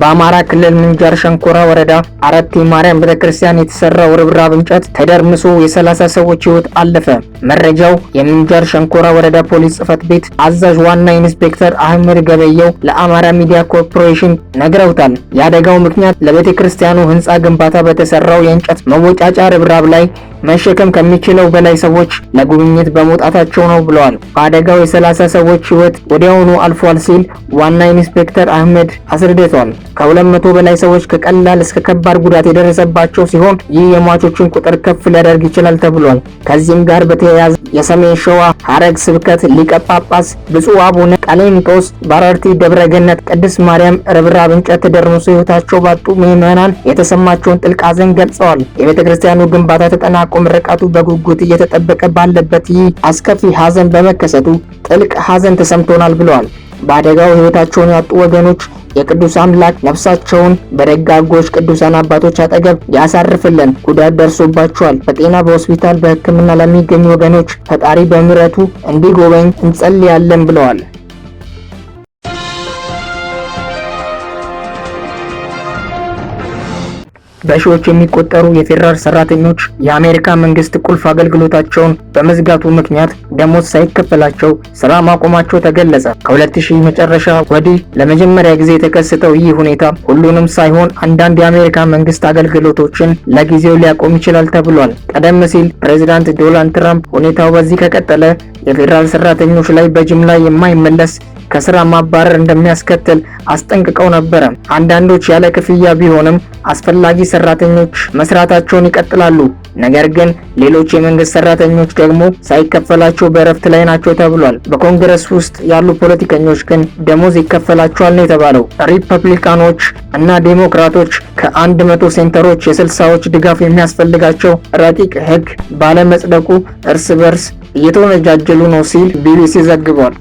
በአማራ ክልል ምንጃር ሸንኮራ ወረዳ አራት የማርያም ቤተክርስቲያን የተሰራው ርብራብ እንጨት ተደርምሶ የ30 ሰዎች ህይወት አለፈ። መረጃው የምንጃር ሸንኮራ ወረዳ ፖሊስ ጽፈት ቤት አዛዥ ዋና ኢንስፔክተር አህመድ ገበየው ለአማራ ሚዲያ ኮርፖሬሽን ነግረውታል። የአደጋው ምክንያት ለቤተክርስቲያኑ ህንፃ ግንባታ በተሰራው የእንጨት መወጫጫ ርብራብ ላይ መሸከም ከሚችለው በላይ ሰዎች ለጉብኝት በመውጣታቸው ነው ብለዋል። በአደጋው የ30 ሰዎች ሕይወት ወዲያውኑ አልፏል ሲል ዋና ኢንስፔክተር አህመድ አስረድቷል። ከ200 በላይ ሰዎች ከቀላል እስከ ከባድ ጉዳት የደረሰባቸው ሲሆን ይህ የሟቾችን ቁጥር ከፍ ሊያደርግ ይችላል ተብሏል። ከዚህም ጋር በተያያዘ የሰሜን ሸዋ ሐረግ ስብከት ሊቀ ጳጳስ ብፁዕ አቡነ ቀሌምጦስ፣ ባራርቲ ደብረ ገነት፣ ቅድስት ማርያም ርብራብ እንጨት ተደርምሶ ህይወታቸው ባጡ ምዕመናን የተሰማቸውን ጥልቅ ሐዘን ገልጸዋል። የቤተ ክርስቲያኑ ግንባታ ተጠናቆ ምርቃቱ በጉጉት እየተጠበቀ ባለበት ይህ አስከፊ ሐዘን በመከሰቱ ጥልቅ ሐዘን ተሰምቶናል ብለዋል። በአደጋው ህይወታቸውን ያጡ ወገኖች የቅዱስ አምላክ ነፍሳቸውን በደጋጎች ቅዱሳን አባቶች አጠገብ ያሳርፍልን። ጉዳት ደርሶባቸዋል በጤና በሆስፒታል በሕክምና ለሚገኙ ወገኖች ፈጣሪ በምሕረቱ እንዲጎበኝ እንጸልያለን ብለዋል። በሺዎች የሚቆጠሩ የፌዴራል ሰራተኞች የአሜሪካ መንግስት ቁልፍ አገልግሎታቸውን በመዝጋቱ ምክንያት ደሞዝ ሳይከፈላቸው ስራ ማቆማቸው ተገለጸ። ከ2000 መጨረሻ ወዲህ ለመጀመሪያ ጊዜ የተከሰተው ይህ ሁኔታ ሁሉንም ሳይሆን አንዳንድ የአሜሪካ መንግስት አገልግሎቶችን ለጊዜው ሊያቆም ይችላል ተብሏል። ቀደም ሲል ፕሬዚዳንት ዶናልድ ትራምፕ ሁኔታው በዚህ ከቀጠለ የፌዴራል ሰራተኞች ላይ በጅምላ የማይመለስ ከስራ ማባረር እንደሚያስከትል አስጠንቅቀው ነበረ። አንዳንዶች ያለ ክፍያ ቢሆንም አስፈላጊ ሰራተኞች መስራታቸውን ይቀጥላሉ። ነገር ግን ሌሎች የመንግስት ሰራተኞች ደግሞ ሳይከፈላቸው በእረፍት ላይ ናቸው ተብሏል። በኮንግረስ ውስጥ ያሉ ፖለቲከኞች ግን ደሞዝ ይከፈላቸዋል ነው የተባለው። ሪፐብሊካኖች እና ዴሞክራቶች ከአንድ መቶ ሴንተሮች የስልሳዎች ድጋፍ የሚያስፈልጋቸው ረቂቅ ህግ ባለመጽደቁ እርስ በርስ እየተወነጃጀሉ ነው ሲል ቢቢሲ ዘግቧል።